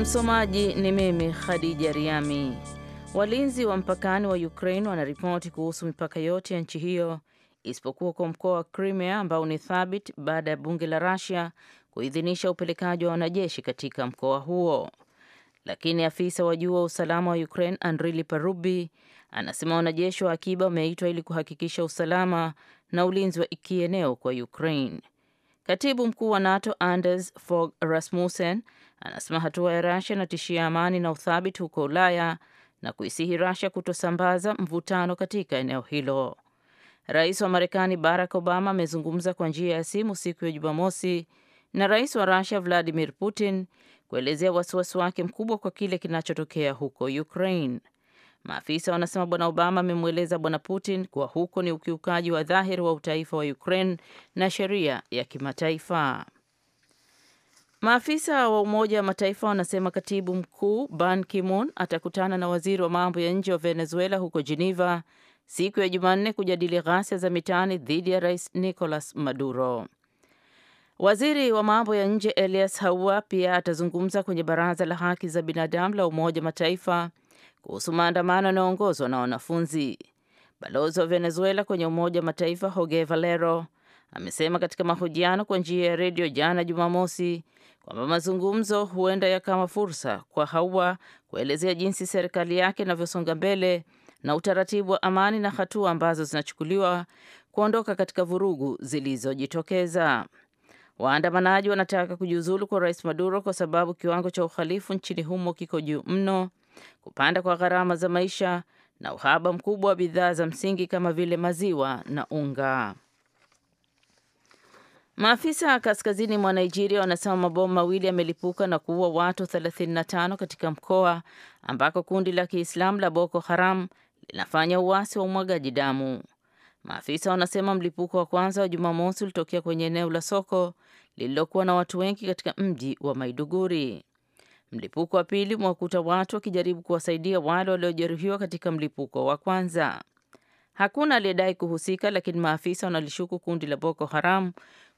Msomaji ni mimi Khadija Riami. Walinzi wa mpakani wa Ukraine wanaripoti kuhusu mipaka yote ya nchi hiyo isipokuwa kwa mkoa wa Crimea ambao ni thabiti baada ya bunge la Russia kuidhinisha upelekaji wa wanajeshi katika mkoa huo. Lakini afisa wa juu wa usalama wa Ukraine Andrili Parubi anasema wanajeshi wa akiba wameitwa ili kuhakikisha usalama na ulinzi wa kieneo kwa Ukraine. Katibu mkuu wa NATO Anders Fogh Rasmussen Anasema hatua ya Russia inatishia amani na uthabiti huko Ulaya na kuisihi Rasia kutosambaza mvutano katika eneo hilo. Rais wa Marekani Barack Obama amezungumza kwa njia ya simu siku ya Jumamosi na rais wa Rasia Vladimir Putin kuelezea wasiwasi wake mkubwa kwa kile kinachotokea huko Ukraine. Maafisa wanasema bwana Obama amemweleza bwana Putin kuwa huko ni ukiukaji wa dhahiri wa utaifa wa Ukraine na sheria ya kimataifa. Maafisa wa Umoja wa Mataifa wanasema katibu mkuu Ban Ki-moon atakutana na waziri wa mambo ya nje wa Venezuela huko Geneva siku ya Jumanne kujadili ghasia za mitaani dhidi ya Rais Nicolas Maduro. Waziri wa mambo ya nje Elias Haua pia atazungumza kwenye Baraza la Haki za Binadamu la Umoja wa Mataifa kuhusu maandamano yanayoongozwa na wanafunzi. Balozi wa Venezuela kwenye Umoja wa Mataifa Jorge Valero amesema katika mahojiano kwa njia ya redio jana Jumamosi kwamba mazungumzo huenda yakawa fursa kwa Hawa kuelezea jinsi serikali yake inavyosonga mbele na utaratibu wa amani na hatua ambazo zinachukuliwa kuondoka katika vurugu zilizojitokeza. Waandamanaji wanataka kujiuzulu kwa Rais Maduro kwa sababu kiwango cha uhalifu nchini humo kiko juu mno, kupanda kwa gharama za maisha na uhaba mkubwa wa bidhaa za msingi kama vile maziwa na unga. Maafisa kaskazini mwa Nigeria wanasema mabomu mawili yamelipuka na kuua watu 35 katika mkoa ambako kundi la Kiislamu la Boko Haram linafanya uasi wa umwagaji damu. Maafisa wanasema mlipuko wa kwanza wa Jumamosi ulitokea kwenye eneo la soko lililokuwa na watu wengi katika mji wa Maiduguri. Mlipuko wa pili umewakuta watu wakijaribu kuwasaidia wale waliojeruhiwa katika mlipuko wa kwanza. Hakuna aliyedai kuhusika, lakini maafisa wanalishuku kundi la Boko Haram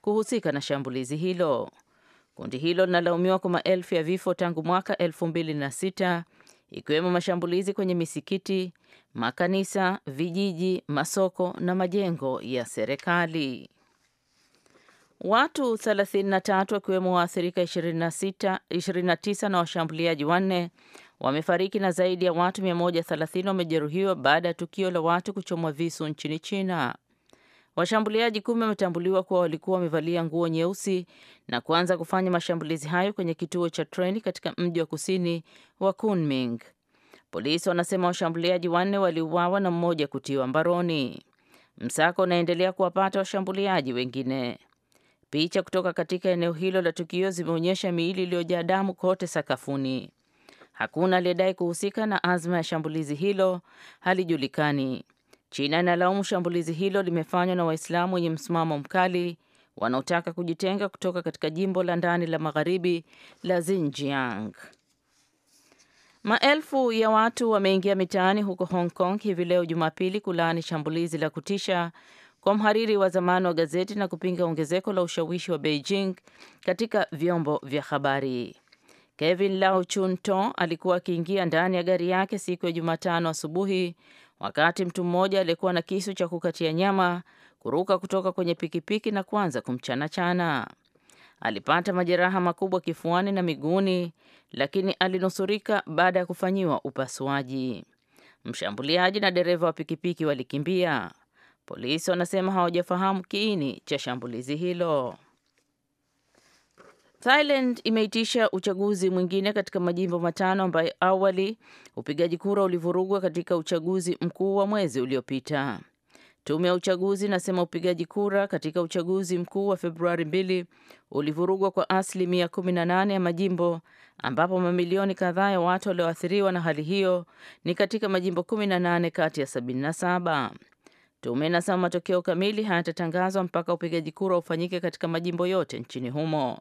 kuhusika na shambulizi hilo. Kundi hilo linalaumiwa kwa maelfu ya vifo tangu mwaka 26 ikiwemo mashambulizi kwenye misikiti, makanisa, vijiji, masoko na majengo ya serikali. Watu 33 wakiwemo waathirika 29 na washambuliaji wanne wamefariki na zaidi ya watu 130 wamejeruhiwa baada ya tukio la watu kuchomwa visu nchini China. Washambuliaji kumi wametambuliwa kuwa walikuwa wamevalia nguo nyeusi na kuanza kufanya mashambulizi hayo kwenye kituo cha treni katika mji wa kusini wa Kunming. Polisi wanasema washambuliaji wanne waliuawa na mmoja kutiwa mbaroni. Msako unaendelea kuwapata washambuliaji wengine. Picha kutoka katika eneo hilo la tukio zimeonyesha miili iliyojaa damu kote sakafuni. Hakuna aliyedai kuhusika na azma ya shambulizi hilo halijulikani. China inalaumu shambulizi hilo limefanywa na Waislamu wenye msimamo mkali wanaotaka kujitenga kutoka katika jimbo la ndani la magharibi la Xinjiang. Maelfu ya watu wameingia mitaani huko Hong Kong hivi leo Jumapili kulaani shambulizi la kutisha kwa mhariri wa zamani wa gazeti na kupinga ongezeko la ushawishi wa Beijing katika vyombo vya habari. Kevin Lau Chun To alikuwa akiingia ndani ya gari yake siku ya Jumatano asubuhi wakati mtu mmoja aliyekuwa na kisu cha kukatia nyama kuruka kutoka kwenye pikipiki na kuanza kumchanachana. Alipata majeraha makubwa kifuani na miguuni, lakini alinusurika baada ya kufanyiwa upasuaji. Mshambuliaji na dereva wa pikipiki walikimbia. Polisi wanasema hawajafahamu kiini cha shambulizi hilo. Thailand imeitisha uchaguzi mwingine katika majimbo matano ambayo awali upigaji kura ulivurugwa katika uchaguzi mkuu wa mwezi uliopita. Tume ya uchaguzi inasema upigaji kura katika uchaguzi mkuu wa Februari 2 ulivurugwa kwa asilimia 18 ya majimbo, ambapo mamilioni kadhaa ya watu walioathiriwa na hali hiyo ni katika majimbo 18 kati ya 77. Tume inasema matokeo kamili hayatatangazwa mpaka upigaji kura ufanyike katika majimbo yote nchini humo.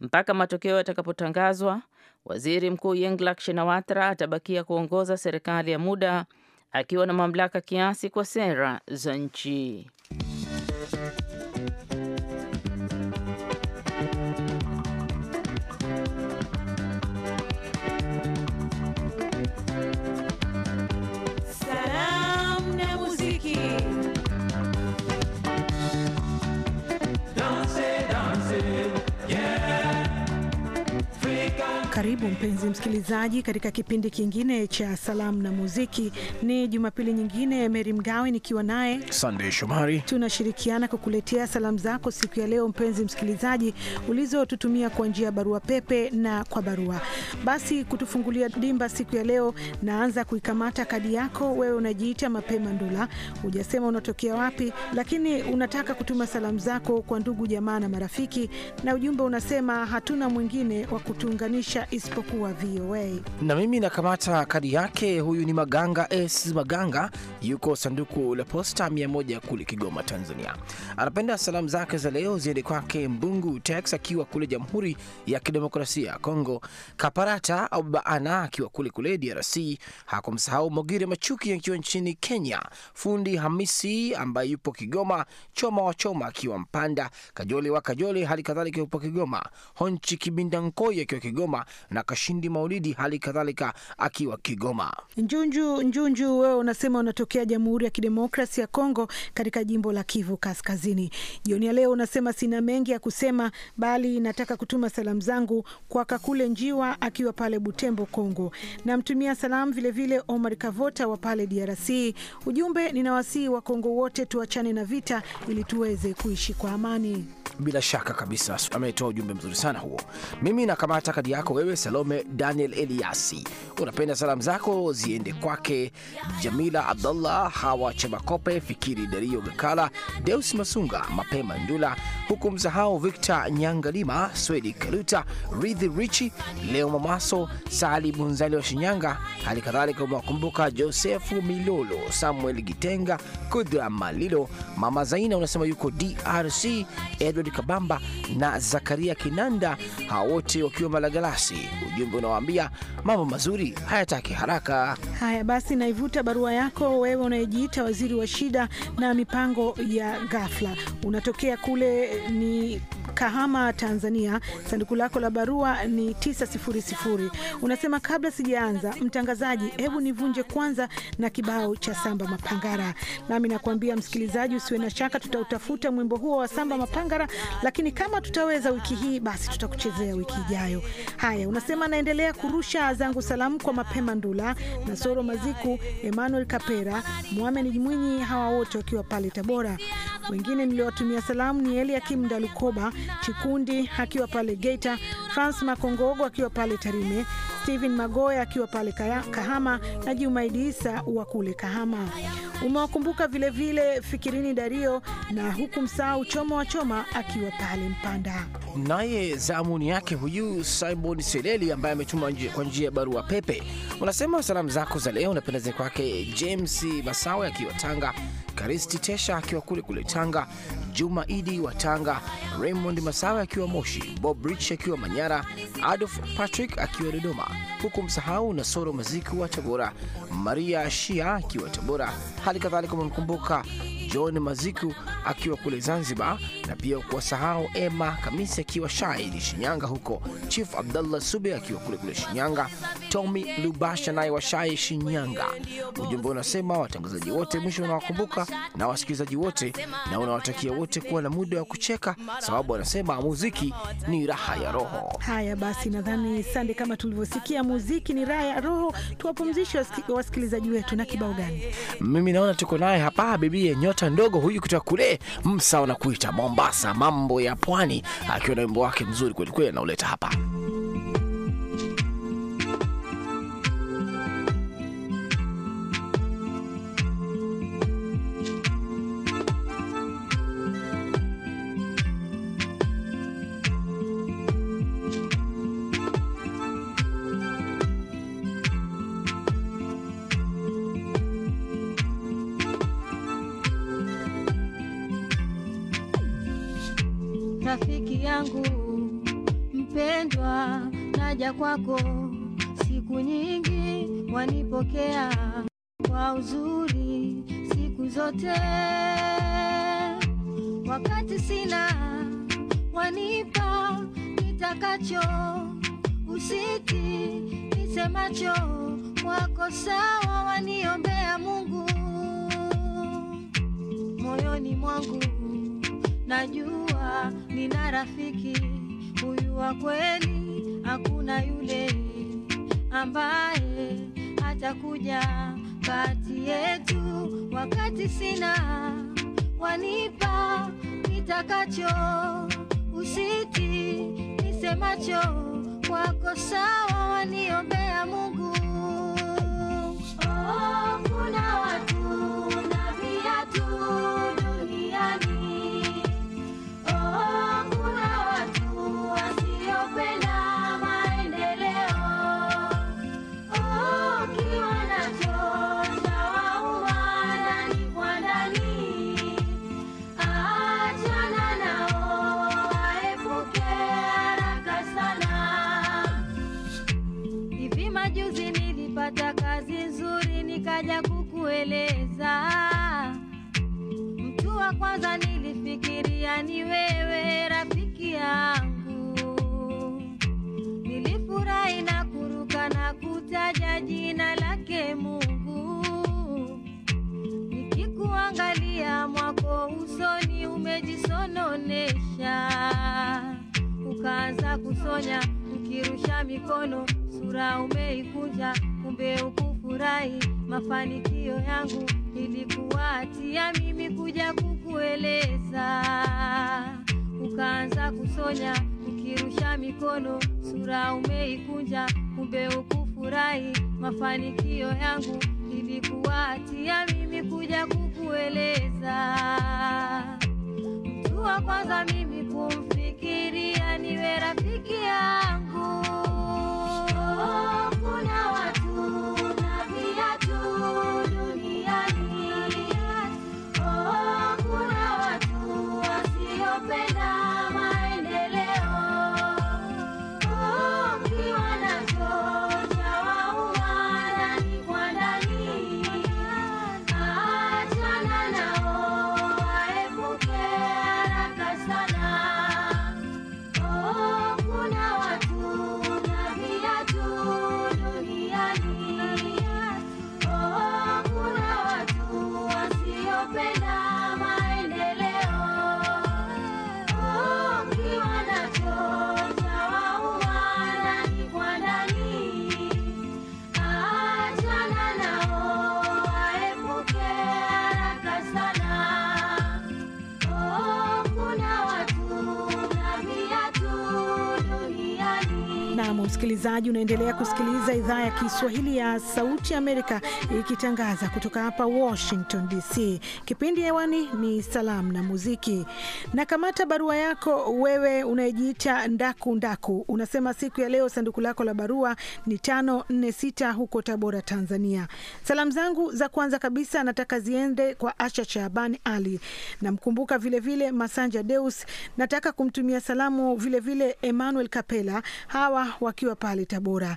Mpaka matokeo yatakapotangazwa, waziri mkuu Yenglak Shinawatra atabakia kuongoza serikali ya muda akiwa na mamlaka kiasi kwa sera za nchi. Karibu mpenzi msikilizaji, katika kipindi kingine cha salamu na muziki. Ni Jumapili nyingine, Meri Mgawe nikiwa naye Sandey Shomari, tunashirikiana kukuletea salamu zako siku ya leo, mpenzi msikilizaji, ulizotutumia kwa njia ya barua pepe na kwa barua. Basi kutufungulia dimba siku ya leo, naanza kuikamata kadi yako. Wewe unajiita Mapema Ndula, hujasema unatokea wapi, lakini unataka kutuma salamu zako kwa ndugu, jamaa na marafiki, na ujumbe unasema hatuna mwingine wa kutuunganisha isipokuwa VOA. Na mimi nakamata kadi yake, huyu ni Maganga S Maganga, yuko sanduku la posta 100 kule Kigoma, Tanzania. Anapenda salamu zake za leo ziende kwake Mbungu Tex akiwa kule Jamhuri ya Kidemokrasia ya Kongo, Kaparata au Baba Ana akiwa kule kule DRC. Hakumsahau Mogire Machuki akiwa nchini Kenya, fundi Hamisi ambaye yupo Kigoma, Choma wa Choma akiwa Mpanda, Kajole wa Kajole hali kadhalika yupo Kigoma, Honchi Kibinda Nkoi akiwa Kigoma na Kashindi Maulidi, hali kadhalika akiwa Kigoma. Njunju Njunju, wewe unasema unatokea Jamhuri ya Kidemokrasi ya Kongo katika jimbo la Kivu Kaskazini. Jioni ya leo unasema sina mengi ya kusema, bali nataka kutuma salamu zangu kwa Kakule Njiwa akiwa pale Butembo, Kongo. Namtumia salamu vilevile Omar Kavota wa pale DRC. Ujumbe, ninawasihi Wakongo wote tuachane na vita ili tuweze kuishi kwa amani bila shaka kabisa ametoa ujumbe mzuri sana huo. Mimi nakamata kadi yako wewe, Salome Daniel Eliasi, unapenda salamu zako ziende kwake Jamila Abdullah, Hawa Chemakope, Fikiri Dario Gakala, Deus Masunga, Mapema Ndula, huku msahau Victor Nyangalima, Swedi Kaluta, Ridhi Richi, Leo Mamaso, Sali Bunzali wa Shinyanga, hali kadhalika umewakumbuka Josefu Milolo, Samuel Gitenga, Kudra Malilo, Mama Zaina unasema yuko DRC, Edward Daudi Kabamba na Zakaria Kinanda, hawa wote wakiwa Malagalasi. Ujumbe unawaambia mambo mazuri hayataki haraka. Haya basi, naivuta barua yako wewe unayejiita waziri wa shida na mipango ya ghafla, unatokea kule ni Kahama, Tanzania. Sanduku lako la barua ni sifuri. Unasema, kabla sijaanza mtangazaji, hebu nivunje kwanza na kibao cha Samba Mapangara. Nami nakuambia msikilizaji, usiwe na shaka, tutautafuta mwimbo huo wa Samba Mapangara lakini kama tutaweza wiki hii, basi tutakuchezea wiki ijayo. Haya, unasema naendelea kurusha zangu salamu kwa Mapema Ndula, Nasoro Maziku, Emmanuel Kapera, ni Mwinyi, hawa wote wakiwa pale Tabora. Wengine niliowatumia salamu ni Eliakim Dalukoba Chikundi akiwa pale Geita, Frans Makongogo akiwa pale Tarime, Steven Magoya akiwa pale Kahama na Jumaidi Isa wa kule Kahama. Umewakumbuka vilevile Fikirini Dario na huku msahau Choma wa Choma akiwa pale Mpanda. Naye zamuni yake huyu Simon Seleli ambaye ametuma kwa njia ya barua pepe, unasema salamu zako za leo unapendeza kwake James Masawe akiwa Tanga, Karisti Tesha akiwa kule kule Tanga, Juma Idi wa Tanga, Raymond Masawe akiwa Moshi, Bob Rich akiwa Manyara, Adolf Patrick akiwa Dodoma, huku msahau na Soro Maziku wa Tabora, Maria Shia akiwa Tabora, hali kadhalika umemkumbuka John Maziku akiwa kule Zanzibar, na pia kuwasahau Emma Kamisi akiwa Shairi Shinyanga huko, Chief Abdallah Sube akiwa kule kule Shinyanga, Tommy Lubasha naye wa Shinyanga. Ujumbe unasema watangazaji wote mwisho unawakumbuka na wasikilizaji wote, na unawatakia wote kuwa na muda wa kucheka, sababu wanasema muziki ni raha ya roho. Haya basi, nadhani sande, kama tulivyosikia muziki ni raha ya roho, tuwapumzishe wasikilizaji wetu na kibao gani? Mimi naona tuko naye hapa, bibi nyota ndogo huyu kutoka kule Msa wanakuita Mombasa, mambo ya pwani, akiwa na wimbo wake mzuri kwelikweli anauleta hapa. kuja kwako siku nyingi wanipokea kwa uzuri siku zote, wakati sina wanipa nitakacho, usiki nisemacho mwako sawa, waniombea Mungu moyoni mwangu, najua nina rafiki huyu wa kweli yule ambaye atakuja kati yetu wakati sina wanipa nitakacho usiti nisemacho kwako sawa waniombea Mungu. Oh, kuna watu kwanza nilifikiria ni wewe rafiki yangu, nilifurahi na kuruka na kutaja jina lake Mungu, nikikuangalia mwako usoni umejisononesha, ukaanza kusonya, ukirusha mikono, sura umeikunja, kumbe ukufurahi mafanikio yangu ilikuatia mimi kuja kukueleza, ukaanza kusonya ukirusha mikono, sura umeikunja, kumbe ukufurahi mafanikio yangu. Ilikuatia mimi kuja kukueleza, mtu wa kwanza mimi kumfikiria niwe rafiki yangu msikilizaji, unaendelea kusikiliza idhaa ya Kiswahili ya Sauti Amerika ikitangaza kutoka hapa Washington DC. Kipindi hewani ni Salamu na Muziki. Na kamata barua yako wewe unayejiita ndaku ndaku, unasema siku ya leo sanduku lako la barua ni 546 huko Tabora, Tanzania. Salamu zangu za kwanza kabisa nataka ziende kwa Asha Shaabani Ali, namkumbuka vilevile Masanja Deus, nataka kumtumia salamu vilevile vile Emmanuel Kapela, hawa wakiwa pa mbalimbali Tabora.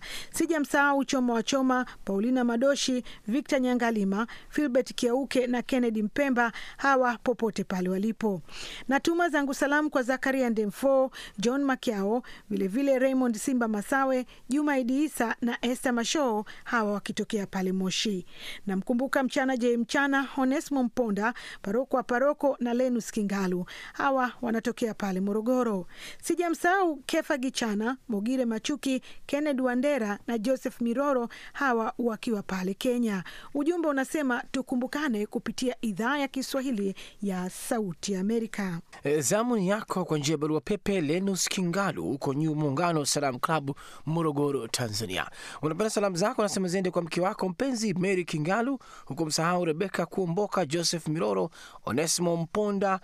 msahau Choma wa Choma, Paulina Madoshi, Victor Nyangalima, Filbert Kiauke na Kennedy Mpemba, hawa popote pale walipo. Natuma zangu salamu kwa Zakaria Ndemfo, John Makiao, vilevile Raymond Simba Masawe, Juma Idi Isa na Esther Mashoo, hawa wakitokea pale Moshi. Namkumbuka mchana je mchana Onesmo Mponda, paroko wa paroko na Lenus Kingalu, hawa wanatokea pale Morogoro. Sijamsahau Kefa Gichana, Mogire Machuki, Kenneth Wandera na Joseph Miroro, hawa wakiwa pale Kenya. Ujumbe unasema tukumbukane kupitia idhaa ya Kiswahili ya Sauti Amerika. E, zamu ni yako kwa njia ya barua pepe. Lenus Kingalu huko nyu Muungano Salam Klabu, Morogoro, Tanzania, unapenda salamu zako nasema ziende kwa mke wako mpenzi Mary Kingalu, huku msahau Rebeka Kuomboka, Joseph Miroro, Onesimo Mponda,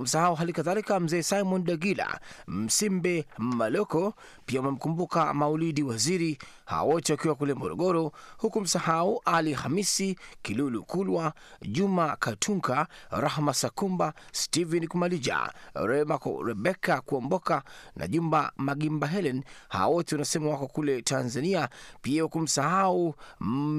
msahau hali kadhalika mzee Simon Dagila Msimbe Maloko, pia umemkumbuka Maulidi Waziri hawa wote wakiwa kule Morogoro, huku msahau Ali Hamisi Kilulu Kulwa, Juma Katunka, Rahma Sakumba, Steven Kumalija, Rema Rebeka Kuomboka na Jumba Magimba Helen. Hawa wote wanasema wako kule Tanzania, pia hukumsahau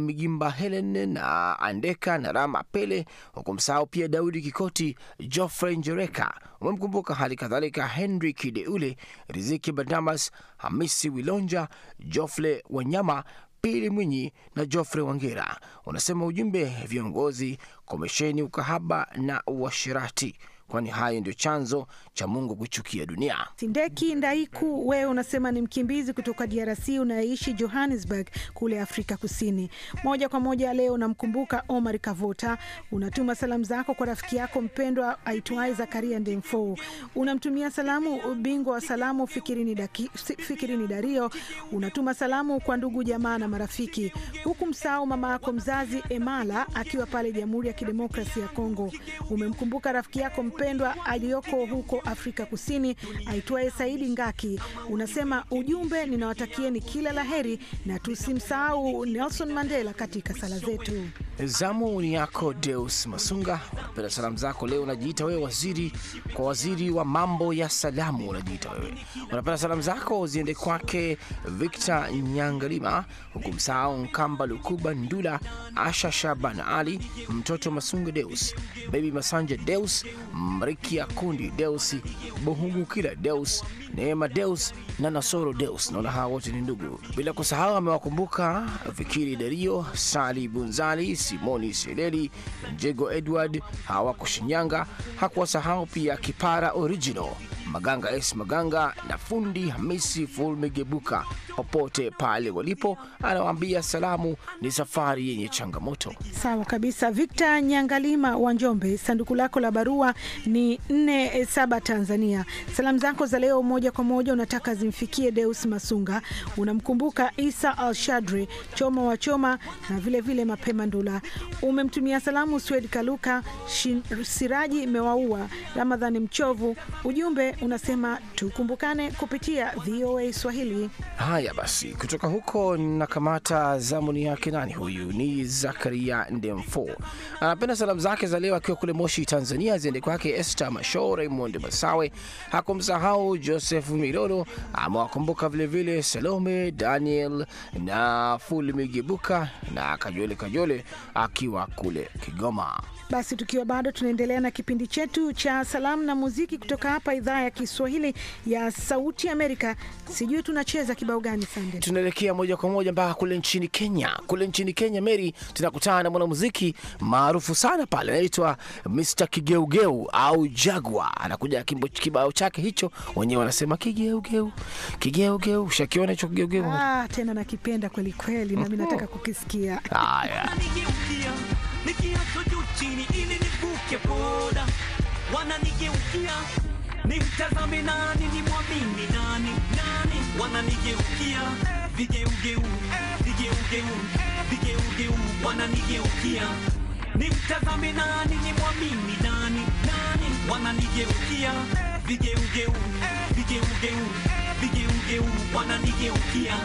Migimba Helen na Andeka na Rama Pele, hukumsahau pia Daudi Kikoti, Joffrey Njereka umemkumbuka, hali kadhalika Henry Kideule, Riziki Badamas, Hamisi Wilonja, Jofle Wanyama, Pili Mwinyi na Geoffrey Wangira. Unasema ujumbe, viongozi komesheni ukahaba na uashirati kwani hayo ndio chanzo cha Mungu kuchukia dunia. Sindeki Ndaiku, wewe unasema ni mkimbizi kutoka DRC unayeishi Johannesburg kule Afrika Kusini. Moja kwa moja leo unamkumbuka Omar Kavota, unatuma salamu zako kwa rafiki yako mpendwa aitwaye Zakaria Ndemfo, unamtumia salamu bingwa wa salamu Fikirini, Daki, Fikirini Dario, unatuma salamu kwa ndugu jamaa na marafiki, huku msahau mama yako mzazi Emala akiwa pale Jamhuri ya Kidemokrasi ya Kongo. Umemkumbuka rafiki yako mpendwa aliyoko huko Afrika Kusini aitwaye Saidi Ngaki, unasema ujumbe, ninawatakieni kila laheri na tusimsahau Nelson Mandela katika sala zetu. Zamu ni yako Deus Masunga, unapenda salamu zako leo, unajiita wewe waziri kwa waziri wa mambo ya salamu, unajiita wewe, unapenda salamu zako ziende kwake Victor Nyangalima, huku msahau Nkamba Lukuba Ndula, Asha Shaban Ali, mtoto Masunga Deus, bebi Masanja Deus Mrikia Kundi Deus, Buhungu Kila Deus, Neema Deus na Nasoro Deus. Naona hawa wote ni ndugu. Bila kusahau amewakumbuka Fikiri Dario, Sali Bunzali, Simoni Seleli, Jego Edward, kushinyanga. Hakuwasahau pia Kipara Original Maganga S Maganga na fundi Hamisi Fulmigebuka, popote pale walipo, anawaambia salamu ni safari yenye changamoto. Sawa kabisa. Victor Nyangalima wa Njombe, sanduku lako la barua ni 47 Tanzania. Salamu zako za leo moja kwa moja unataka zimfikie Deus Masunga, unamkumbuka Isa Alshadri Choma wa Choma na vilevile vile Mapema Ndula. Umemtumia salamu Swed Kaluka Shin, Siraji Mewaua, Ramadhani Mchovu. Ujumbe unasema tukumbukane kupitia VOA Swahili. Haya basi, kutoka huko nakamata zamuni yake. Nani huyu? Ni Zakaria Ndemfo, anapenda salamu zake za leo akiwa kule Moshi, Tanzania, ziende kwake Esther Masho, Raymond Masawe, hakumsahau Joseph Miroro, amewakumbuka vilevile Salome Daniel na Fulmigebuka na Kajole Kajole akiwa kule Kigoma. Basi tukiwa bado tunaendelea na kipindi chetu cha salamu na muziki kutoka hapa idhaa ya Kiswahili ya Sauti Amerika. Sijui tunacheza kibao gani Sunday? Tunaelekea moja kwa moja mpaka kule nchini Kenya. Kule nchini Kenya, Mary, tunakutana na mwanamuziki maarufu sana pale, anaitwa Mr. Kigeugeu au Jagwa, anakuja kimbo kibao chake hicho, wenyewe wanasema kigeugeu, kigeugeu. Ushakiona hicho kigeugeu? Ah, tena nakipenda kweli kweli, na mimi nataka kukisikia. Haya, ah, nimtazame nani, ni mwamini nani? Nani wananigeukia vigeugeu, vigeugeu, vigeugeu wananigeukia nimtazame nani, ni mwamini nani? Nani wananigeukia vigeugeu, vigeugeu, vigeugeu wananigeukia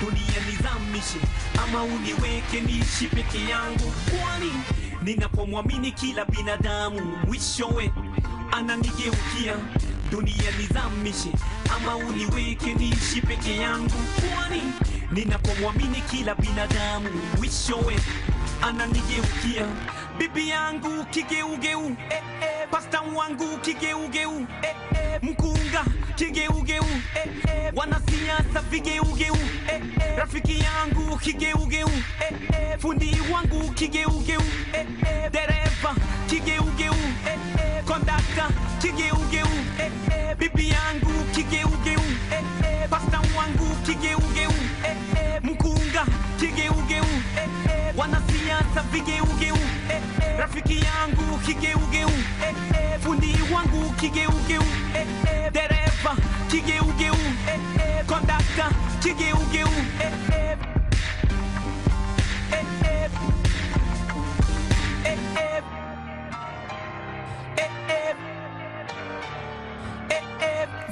dunia nizamishe, ama uniweke niishi peke yangu, kwani ninapomwamini kila binadamu mwishowe ananigeukia dunia nizamishe ama uniweke niishi peke yangu, kwani ninapomwamini kila binadamu mwishowe ananigeukia. Bibi yangu kigeugeu, eh, eh, pasta wangu kigeugeu, eh, eh, mkunga kigeugeu, eh, eh, wanasiasa vigeugeu, eh, eh, rafiki yangu kigeugeu, eh, eh, fundi wangu kigeugeu, eh, eh, kigeugeu eh, eh, bibi yangu kigeugeu eh, eh, pasta wangu kigeugeu eh, eh, mkunga kigeugeu eh, eh, wanasiasa vigeugeu eh, eh, rafiki yangu kigeugeu eh, eh, fundi wangu kigeugeu eh, eh, dereva kigeugeu eh, eh, kondakta kigeugeu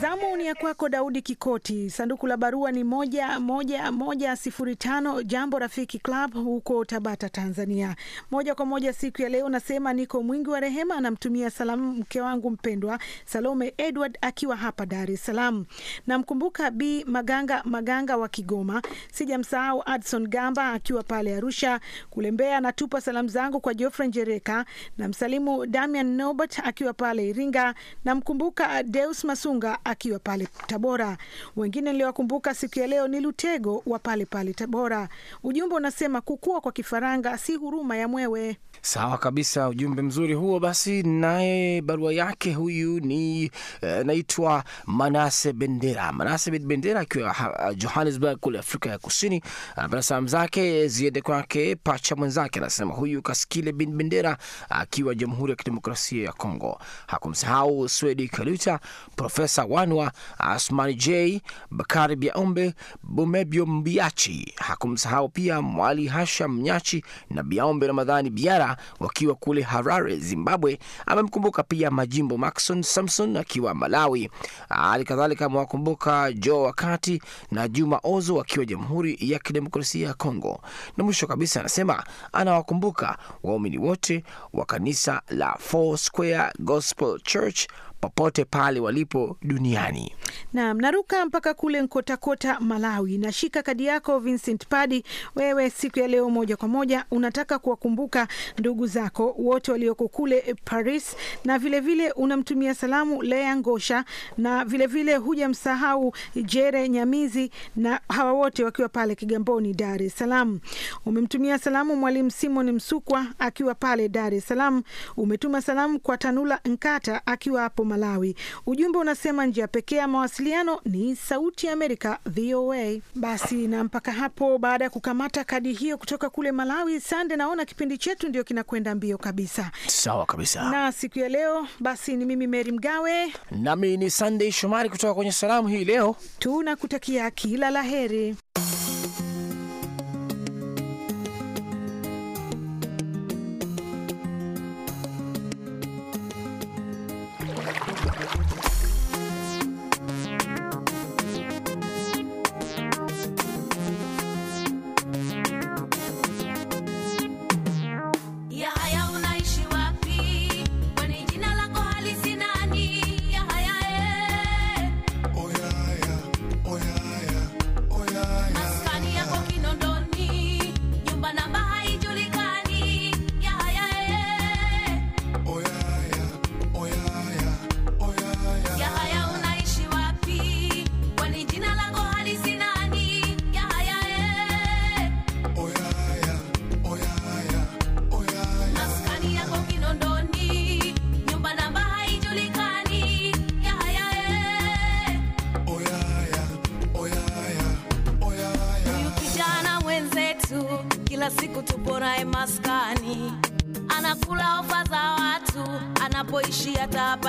Zamu ni ya kwako Daudi Kikoti. Sanduku la barua ni moja moja moja sifuri tano Jambo Rafiki Club huko Tabata, Tanzania. Moja kwa moja siku ya leo nasema niko mwingi wa rehema, anamtumia salamu mke wangu mpendwa Salome Edward akiwa hapa Dar es Salaam. Namkumbuka B Maganga Maganga wa Kigoma, sijamsahau Adson Gamba akiwa pale Arusha. Kule Mbeya natupa salamu zangu kwa jofre Njereka, namsalimu Damian Nobert akiwa pale Iringa, namkumbuka Deus Masunga akiwa pale Tabora. Wengine niliowakumbuka siku ya leo ni Lutego wa pale pale Tabora. Ujumbe unasema kukua kwa kifaranga si huruma ya mwewe. Sawa kabisa, ujumbe mzuri huo. Basi naye barua yake huyu ni anaitwa eh, Manase Bendera. Manase Bendera akiwa Johannesburg kule Afrika ya Kusini, anapenda salamu zake ziende kwake pacha mwenzake, anasema huyu Kaskile bin Bendera akiwa Jamhuri ya Kidemokrasia ya Kongo. Hakumsahau Swedi Kaluta, Profesa Mwanwa, Asmani J Bakari Biaombe, Bumebyo Mbiachi. Hakumsahau pia Mwali hasha mnyachi na Biaombe Ramadhani Biara wakiwa kule Harare, Zimbabwe. Amemkumbuka pia Majimbo Maxon Samson akiwa Malawi. Hali kadhalika amewakumbuka Jo Wakati na Juma Ozo wakiwa Jamhuri ya Kidemokrasia ya Kongo, na mwisho kabisa anasema anawakumbuka waumini wote wa kanisa la Four Square Gospel Church popote pale walipo duniani. Naam, naruka mpaka kule Nkotakota, Malawi. Nashika kadi yako Vincent Padi. Wewe siku ya leo moja kwa moja unataka kuwakumbuka ndugu zako wote walioko kule Paris, na vilevile vile unamtumia salamu Lea Ngosha, na vilevile huja msahau Jere Nyamizi, na hawa wote wakiwa pale Kigamboni, Dar es Salaam. Umemtumia salamu Mwalimu Simon Msukwa akiwa pale Dar es Salaam. Umetuma salamu kwa Tanula Nkata akiwa hapo Malawi. Ujumbe unasema njia pekee ya mawasiliano ni Sauti ya Amerika, VOA. Basi na mpaka hapo, baada ya kukamata kadi hiyo kutoka kule Malawi, Sande, naona kipindi chetu ndio kinakwenda mbio kabisa. Sawa kabisa, na siku ya leo basi ni mimi Meri Mgawe nami ni Sandey Shomari kutoka kwenye salamu hii leo, tunakutakia kila la heri.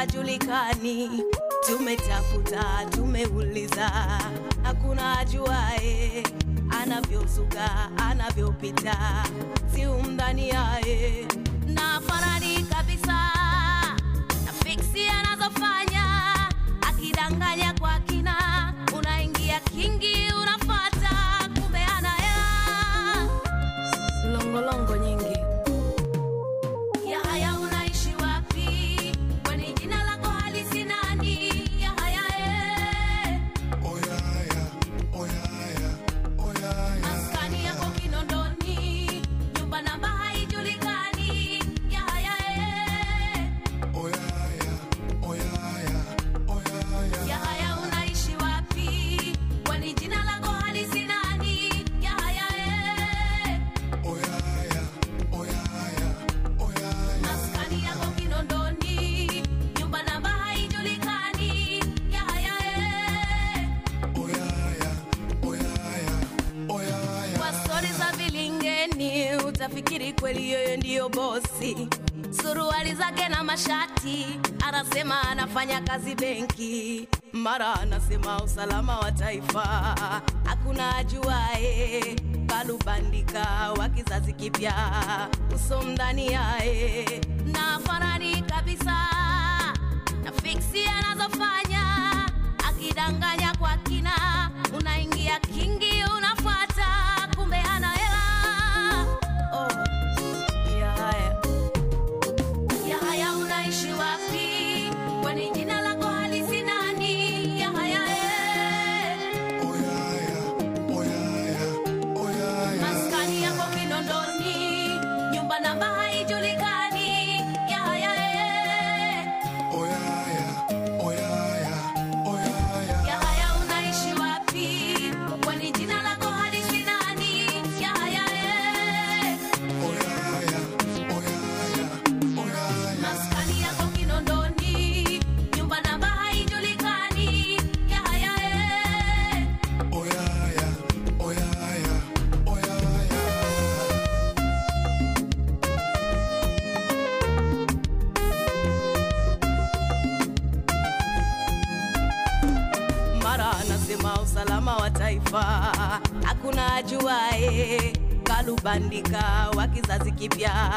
hajulikani. Tumetafuta, tumeuliza, hakuna ajuae anavyozuka, anavyopita, si yaye na farani kabisa na fiksi anazofanya akidanganya mashati, anasema anafanya kazi benki, mara anasema usalama wa taifa, hakuna ajuae. Balubandika wa kizazi kipya, uso mdani yae na farani kabisa na fiksi anazofanya akidanganya taifa, hakuna ajuae kalubandika wa kizazi kipya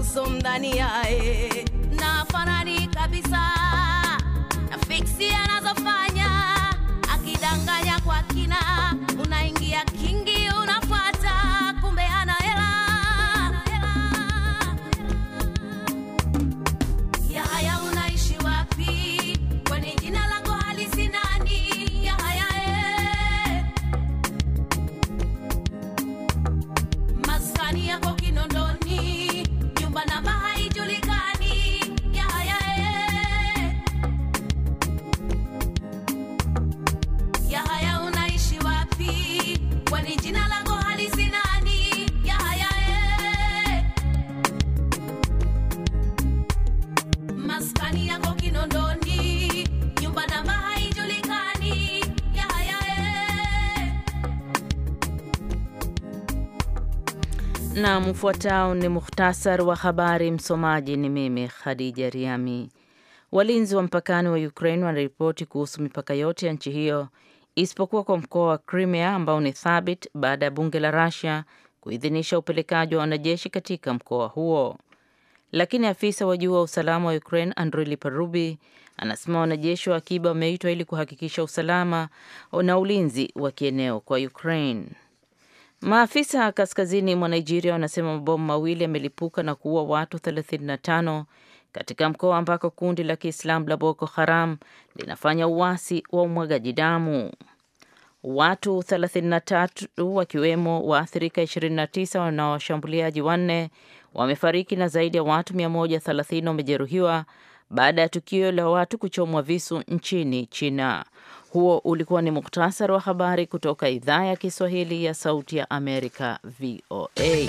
usomdhani yae na farani kabisa na fiksi anazofanya akidanganya kwa kina unaingia na mfuatao ni muhtasar wa habari. Msomaji ni mimi Khadija Riami. Walinzi wa mpakani wa Ukraine wanaripoti kuhusu mipaka yote ya nchi hiyo isipokuwa kwa mkoa wa Crimea ambao ni thabit baada ya bunge la Russia kuidhinisha upelekaji wa wanajeshi katika mkoa huo. Lakini afisa wa juu wa usalama wa Ukraine Andrei Liparubi anasema wanajeshi wa akiba wameitwa ili kuhakikisha usalama na ulinzi wa kieneo kwa Ukraine. Maafisa kaskazini mwa Nigeria wanasema mabomu mawili yamelipuka na kuua watu 35 katika mkoa ambako kundi la Kiislamu la Boko Haram linafanya uasi wa umwagaji damu. Watu 33 wakiwemo waathirika 29 na washambuliaji wanne wamefariki na zaidi ya watu 130 wamejeruhiwa baada ya tukio la watu kuchomwa visu nchini China. Huo ulikuwa ni muktasari wa habari kutoka idhaa ya Kiswahili ya Sauti ya Amerika, VOA.